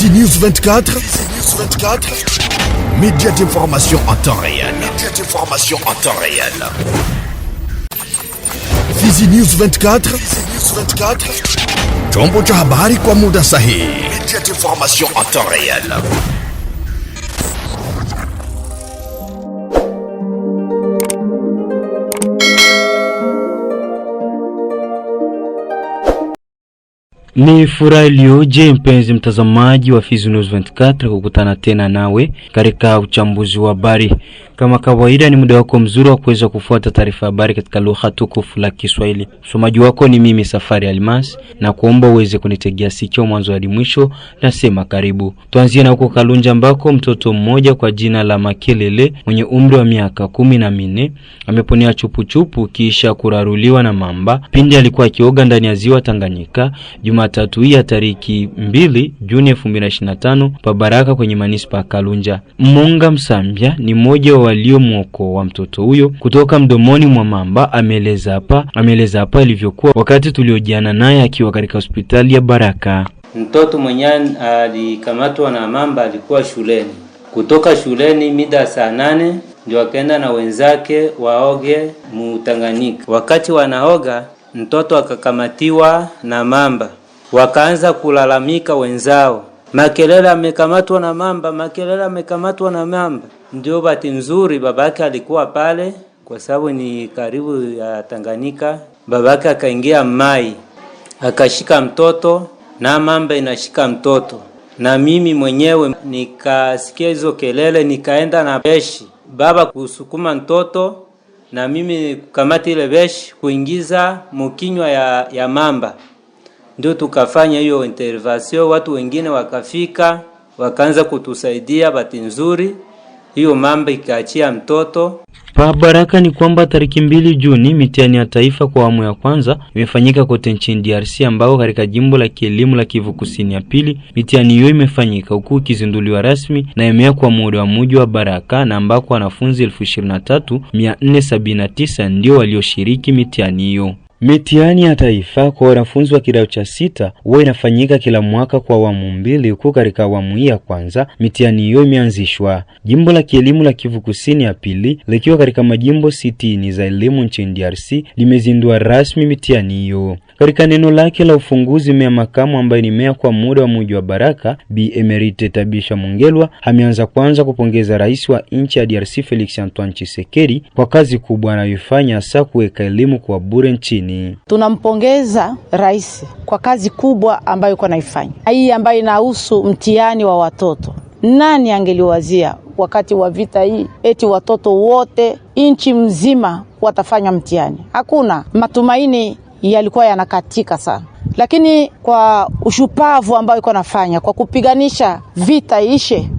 Easy News 24. Easy News 24. Média d'information en temps réel. Média d'information en temps réel. Easy News 24. Easy News 24. Chombo cha habari Sahi. muda Média d'information en temps réel. Ni furaha iliyoje mpenzi mtazamaji wa Fizi News 24 kukutana tena nawe katika uchambuzi wa habari. Kama kawaida ni muda wako mzuri wa kuweza kufuata taarifa habari katika lugha tukufu la Kiswahili. Msomaji wako ni mimi Safari Almas, na kuomba uweze kunitegea sikio mwanzo hadi mwisho. Nasema karibu. Tuanzie na huko Kalunja ambako mtoto mmoja kwa jina la Makelele mwenye umri wa miaka kumi na minne ameponea chupuchupu kisha kuraruliwa na mamba pindi alikuwa akioga ndani ya ziwa Tanganyika Jumatatu hii ya tariki mbili Juni 2025 pa Baraka kwenye manispa ya Kalunja. Munga Msambya ni mmoja wa waliomwokoa mtoto huyo kutoka mdomoni mwa mamba. Ameeleza hapa ameeleza hapa ilivyokuwa wakati tuliojiana naye akiwa katika hospitali ya Baraka. Mtoto mwenyewe alikamatwa na mamba, alikuwa shuleni. Kutoka shuleni mida saa nane ndio akaenda na wenzake waoge Mutanganyika. Wakati wanaoga, mtoto akakamatiwa na mamba, wakaanza kulalamika wenzao Makelele amekamatwa na mamba, Makelele amekamatwa na mamba. Ndio bahati nzuri babake alikuwa pale, kwa sababu ni karibu ya Tanganyika. Babake akaingia mai, akashika mtoto na mamba inashika mtoto, na mimi mwenyewe nikasikia hizo kelele, nikaenda na beshi baba kusukuma mtoto na mimi kukamata ile beshi kuingiza mukinywa ya, ya mamba ndio tukafanya hiyo intervention, watu wengine wakafika wakaanza kutusaidia. Bahati nzuri hiyo mambo ikaachia mtoto pa baraka. Ni kwamba tariki mbili Juni mitihani ya taifa kwa awamu ya kwanza imefanyika kote nchini DRC, ambao katika jimbo la kielimu la Kivu Kusini ya pili mitihani hiyo imefanyika huku ikizinduliwa rasmi na emea kwa muda wa muji wa Baraka, na ambako wanafunzi 23479 ndio walioshiriki mitihani hiyo. Mitihani ya taifa kwa wanafunzi wa kidato cha sita huwa inafanyika kila mwaka kwa awamu mbili, huku katika awamu hii ya kwanza mitihani hiyo imeanzishwa. Jimbo la kielimu la Kivu Kusini ya pili likiwa katika majimbo sitini za elimu nchini DRC limezindua rasmi mitihani hiyo. Katika neno lake la ufunguzi, meya makamu ambaye ni meya kwa muda wa mji wa Baraka, Bi Emerite Tabisha Mungelwa ameanza kwanza kupongeza rais wa nchi ya DRC Felix Antoine Tshisekedi kwa kazi kubwa anayoifanya hasa kuweka elimu kwa bure nchini. Tunampongeza rais kwa kazi kubwa ambayo iko naifanya, hii ambayo inahusu mtihani wa watoto. Nani angeliwazia wakati wa vita hii eti watoto wote nchi mzima watafanya mtihani? Hakuna matumaini yalikuwa yanakatika sana, lakini kwa ushupavu ambao iko nafanya kwa kupiganisha vita ishe,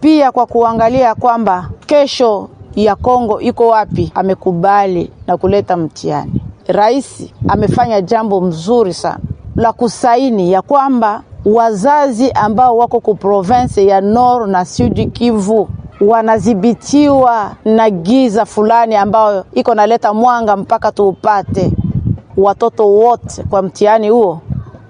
pia kwa kuangalia kwamba kesho ya Kongo iko wapi, amekubali na kuleta mtihani. Rais amefanya jambo mzuri sana la kusaini ya kwamba wazazi ambao wako ku province ya Nord na Sud Kivu wanadhibitiwa na giza fulani ambayo iko naleta mwanga mpaka tuupate watoto wote kwa mtihani huo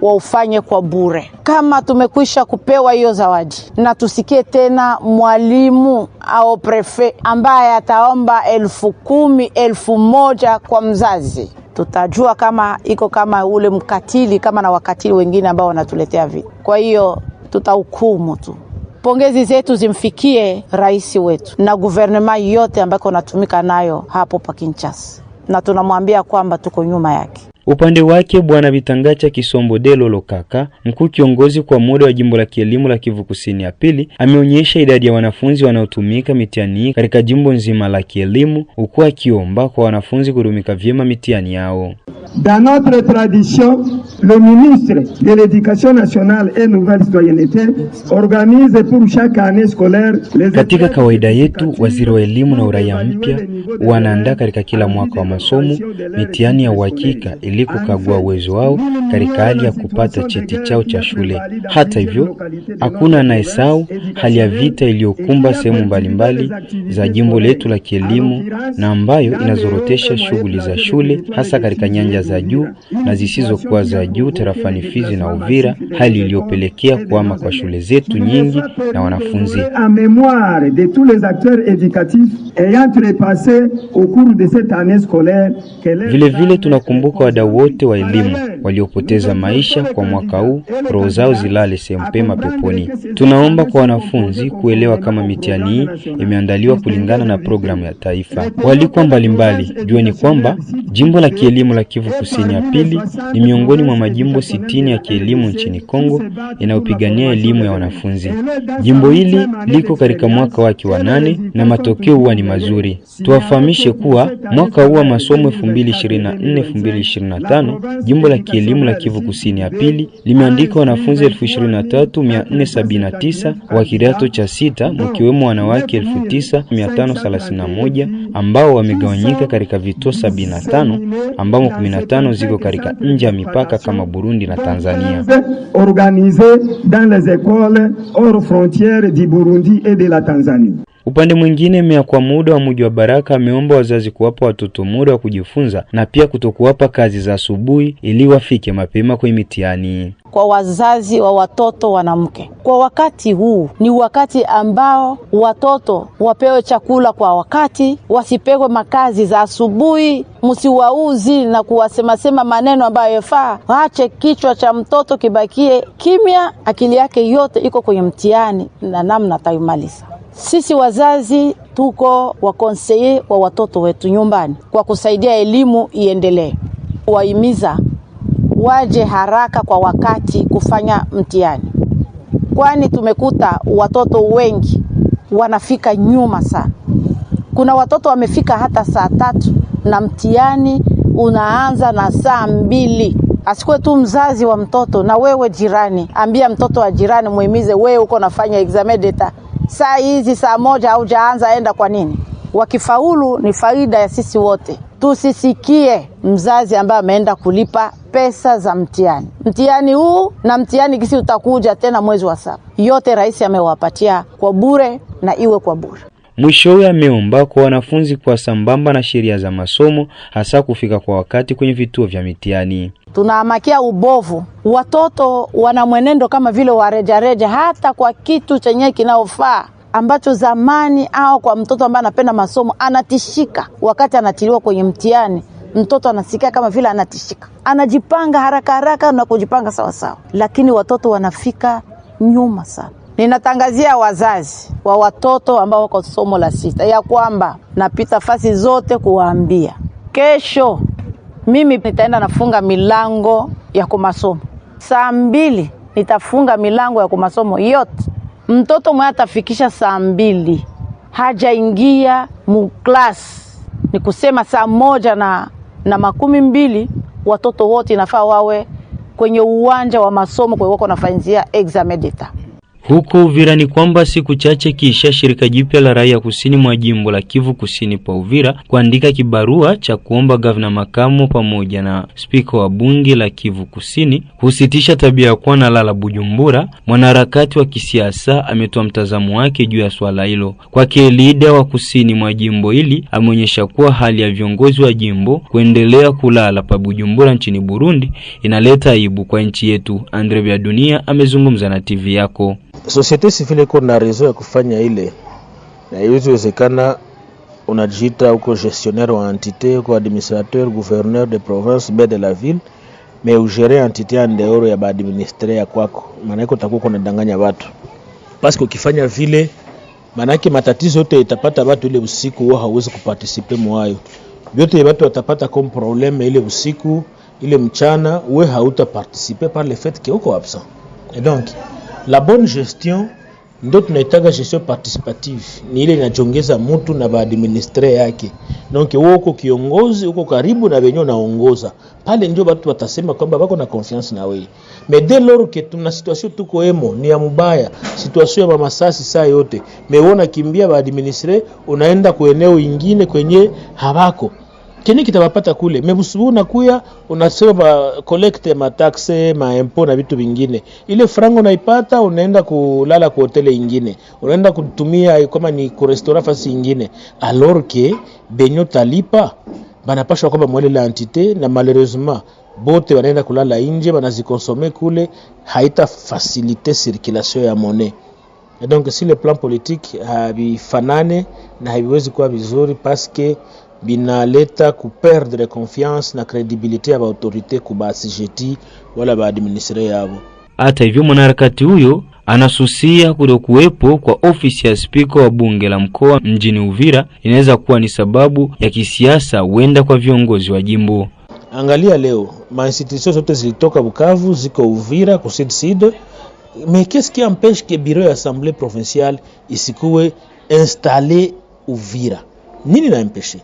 waufanye kwa bure. Kama tumekwisha kupewa hiyo zawadi, na tusikie tena mwalimu au prefe ambaye ataomba elfu kumi elfu moja kwa mzazi, tutajua kama iko kama ule mkatili, kama na wakatili wengine ambao wanatuletea vita. Kwa hiyo tutahukumu tu. Pongezi zetu zimfikie rais wetu na guvernema yote ambako natumika nayo hapo pa Kinshasa na tunamwambia kwamba tuko nyuma yake. Upande wake Bwana Vitangacha Kisombo Delo Lokaka, mkuu kiongozi kwa muda wa jimbo la kielimu la Kivu Kusini ya pili, ameonyesha idadi ya wanafunzi wanaotumika mitihani hii katika jimbo nzima la kielimu, huku akiomba kwa wanafunzi kutumika vyema mitihani yao. Dans notre tradition, le ministre de l'Éducation nationale et Nouvelle Citoyenneté organise pour chaque année scolaire les... Katika kawaida yetu, waziri wa elimu na uraia mpya wanaandaa katika kila mwaka wa masomo mitihani ya uhakika ili kukagua uwezo wao katika hali ya kupata cheti chao cha shule. Hata hivyo, hakuna anayesahau hali ya vita iliyokumba sehemu mbalimbali za jimbo letu la kielimu na ambayo inazorotesha shughuli za shule hasa katika nyanja za juu na zisizokuwa za juu tarafani Fizi na Uvira, hali iliyopelekea kuama kwa shule zetu nyingi na wanafunzi. Vilevile tunakumbuka wadau wote wa elimu waliopoteza maisha kwa mwaka huu, roho zao zilale sehemu pema peponi. Tunaomba kwa wanafunzi kuelewa kama mitihani hii imeandaliwa kulingana na programu ya taifa. Walikuwa mbalimbali, jueni kwamba jimbo la kielimu la Kivu Kusini ya Pili ni miongoni mwa majimbo sitini ya kielimu nchini Kongo yanayopigania elimu ya wanafunzi. Jimbo hili liko katika mwaka wake wa nane na matokeo huwa ni mazuri. Tuwafahamishe kuwa mwaka huu wa masomo 2024-2025 jimbo la kielimu la Kivu Kusini ya Pili limeandika wanafunzi 23479 wa kidato cha sita, mkiwemo wanawake 9531 ambao wamegawanyika katika vituo 75 ambamo tano ziko katika nje ya mipaka kama Burundi na Tanzania. Organisé dans les écoles hors frontières du Burundi et de la Tanzanie. Upande mwingine, mea kwa muda wa mji wa Baraka ameomba wazazi kuwapa watoto muda wa kujifunza na pia kutokuwapa kazi za asubuhi ili wafike mapema kwenye mitihani. Kwa wazazi wa watoto wanamke, kwa wakati huu ni wakati ambao watoto wapewe chakula kwa wakati, wasipewe makazi za asubuhi, msiwauzi na kuwasemasema maneno ambayo yafaa. waache kichwa cha mtoto kibakie kimya, akili yake yote iko kwenye mtihani na namna ataimaliza. Sisi wazazi tuko wakonseye wa watoto wetu nyumbani kwa kusaidia elimu iendelee, kuwahimiza waje haraka kwa wakati kufanya mtihani, kwani tumekuta watoto wengi wanafika nyuma sana. Kuna watoto wamefika hata saa tatu na mtihani unaanza na saa mbili. Asikuwe tu mzazi wa mtoto, na wewe jirani, ambia mtoto wa jirani, muhimize, wewe uko nafanya examen d'etat saa hizi saa moja haujaanza, enda kwa nini? Wakifaulu ni faida ya sisi wote. Tusisikie mzazi ambaye ameenda kulipa pesa za mtihani, mtihani huu na mtihani kisi utakuja tena mwezi wa saba. Yote rahisi amewapatia kwa bure, na iwe kwa bure. Mwishowe ameomba kwa wanafunzi kwa sambamba na sheria za masomo, hasa kufika kwa wakati kwenye vituo vya mitihani. Tunaamakia ubovu, watoto wana mwenendo kama vile warejareja, hata kwa kitu chenye kinaofaa ambacho zamani, au kwa mtoto ambaye anapenda masomo anatishika wakati anatiliwa kwenye mtihani mtoto anasikia kama vile anatishika, anajipanga haraka haraka na kujipanga sawasawa, lakini watoto wanafika nyuma sana. Ninatangazia wazazi wa watoto ambao wako somo la sita ya kwamba napita fasi zote kuwaambia, kesho mimi nitaenda nafunga milango ya kumasomo saa mbili, nitafunga milango ya kumasomo yote. Mtoto mwenye atafikisha saa mbili hajaingia muklasi, ni kusema saa moja na, na makumi mbili watoto wote inafaa wawe kwenye uwanja wa masomo kwa wako nafanzia examen huko Uvira ni kwamba siku chache kisha shirika jipya la raia kusini mwa jimbo la Kivu Kusini pa Uvira kuandika kibarua cha kuomba gavana makamo pamoja na spika wa bunge la Kivu Kusini kusitisha tabia ya kuwa na lala Bujumbura, mwanaharakati wa kisiasa ametoa mtazamo wake juu ya swala hilo. Kwake lida wa kusini mwa jimbo hili ameonyesha kuwa hali ya viongozi wa jimbo kuendelea kulala pa Bujumbura nchini Burundi inaleta aibu kwa nchi yetu. Andre Vya Dunia amezungumza na TV yako. Societe civile iko na rezo ya kufanya ile na iweziwezekana, unajiita uko gestionnaire wa entité, uko administrateur gouverneur de province maire de la ville, mais ugere entité en dehors ya baadministre ya kwako, maana iko utakuwa kunadanganya watu parce que ukifanya vile, maanake matatizo yote itapata watu ile usiku, wao hawezi kuparticiper mwayo vyote watu watapata comme problème ile usiku ile mchana, we hauta par le fait que uko absent et donc la bonne gestion ndo tunaitaga gestion participative, ni ile inachongeza mutu na baadministre yake. Donc wewe uko kiongozi, uko karibu na wenyewe unaongoza pale, ndio watu watasema kwamba wako na confiance na wewe. Mais dès lors que tuna situation tuko emo ni ya mubaya, situation ya mamasasi saa yote, meona kimbia baadministre, unaenda kueneo ingine kwenye habako kini kitawapata kule mebusubu, unakuya unasema ma collecte mataxe maempo na vitu vingine. Ile frango unaipata unaenda kulala ku hoteli ingine, unaenda kutumia kama ni ku fasi ingine, alors que benyo talipa banapashwa kwamba mwele la entite na malheureusement bote wanaenda kulala nje, banazikonsome kule, haita fasilite circulation ya monnaie. Et donc si le plan politique habifanane na habiwezi kuwa vizuri parce que binaleta kuperdre confiance na kredibilite ya baautorite kubasijeti wala baadministre yabo. Hata hivyo mwanaharakati huyo anasusia kutokuwepo kwa ofisi ya spika wa bunge la mkoa mjini Uvira inaweza kuwa ni sababu ya kisiasa, huenda kwa viongozi wa jimbo. Angalia leo mainstitution zote zilitoka Bukavu ziko Uvira kusidsid mais qu'est-ce qui empêche que bureau ya assemblée provinciale isikuwe installe Uvira? Nini naempeshe?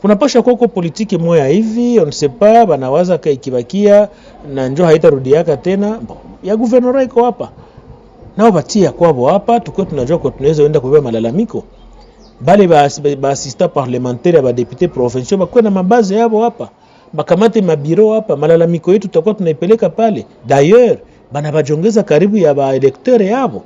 kunapasha kuwako politiki moya hivi on sait pas banawaza kaikibakia na njo haitarudiaka tena ya guvernora iko hapa nao batia kwabo hapa, tukiwa tunajua kwa tunaweza enda kubeba malalamiko bale baasista parlementaire ya badepute provincial bakuwe na mabaze yabo hapa, bakamate mabiro hapa, malalamiko yetu tutakuwa tunaipeleka pale. D'ailleurs bana bajongeza karibu ya baelektere yabo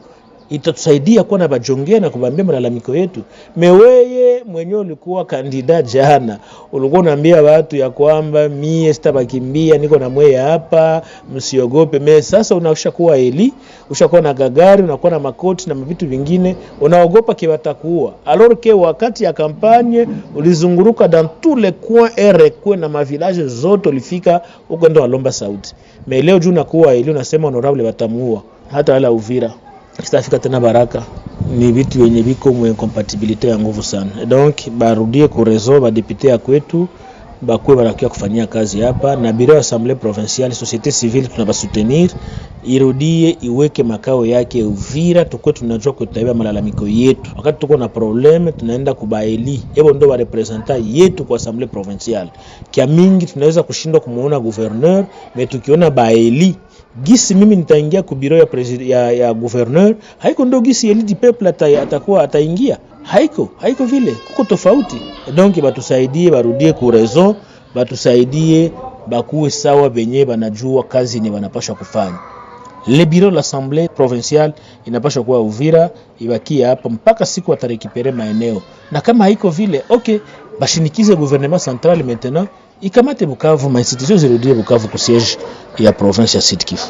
itatusaidia kuwa na bajongea na kubambia malalamiko yetu. Meweye mwenye ulikuwa kandida jana, ulikuwa unaambia watu ya kwamba mie sitabakimbia, niko na mweye hapa, msiogope me. Sasa unaosha kuwa eli, ushakuwa na gagari, unakuwa na makoti na vitu vingine, unaogopa kiwatakuwa Alors ke wakati ya kampanye ulizunguruka dans tous les coins et recoins na mavilaje zote, ulifika huko ndo walomba sauti. Me leo juu nakuwa eli, unasema honorable watamuua, hata wala Uvira sitafika tena baraka ni vitu vyenye viko mwe ya nguvu sana, donc barudie ku reseau badepute ya kwetu bakwe banakia kufanyia kazi hapa na biro ya assemblée provinciale. Société civile tunabasutenir, irudie iweke makao yake Uvira, tukwe tunajua kutaibia malalamiko yetu. Wakati tuko na probleme, tunaenda kubaeli ebo ndo wa yetu kwa assemblée provinciale. Kia mingi tunaweza kushindwa kumuona gouverneur, me tukiona baeli gisi mimi nitaingia kubiro ya, ya, ya gouverneur haiko ndo gisi ya lidi peple atakuwa ataingia haiko haiko vile, kuko tofauti. Donc batusaidie barudie ku raison, batusaidie bakuwe sawa, benye banajua kazi ni banapasha kufanya. Le bureau la l'assemblée provinciale inapasha kuwa Uvira, ibakie hapa mpaka siku atarekipere maeneo, na kama haiko vile okay, bashinikize gouvernement central maintenant ikamate Bukavu, mainstitution zirudie Bukavu kusiege ya province ya Sud Kivu.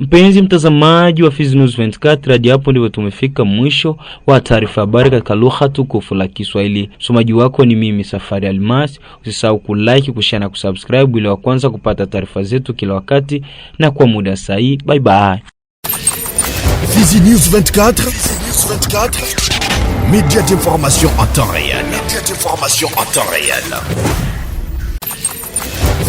Mpenzi mtazamaji wa Fizi News 24, hadi hapo ndipo tumefika mwisho wa taarifa habari katika lugha tukufu la Kiswahili. Msomaji wako ni mimi Safari Almas. Usisahau kulike, kushare na kusubscribe ili wa kwanza kupata taarifa zetu kila wakati na kwa muda sahihi. Bye bye. Fizi News 24, media d'information en temps réel, media d'information en temps réel.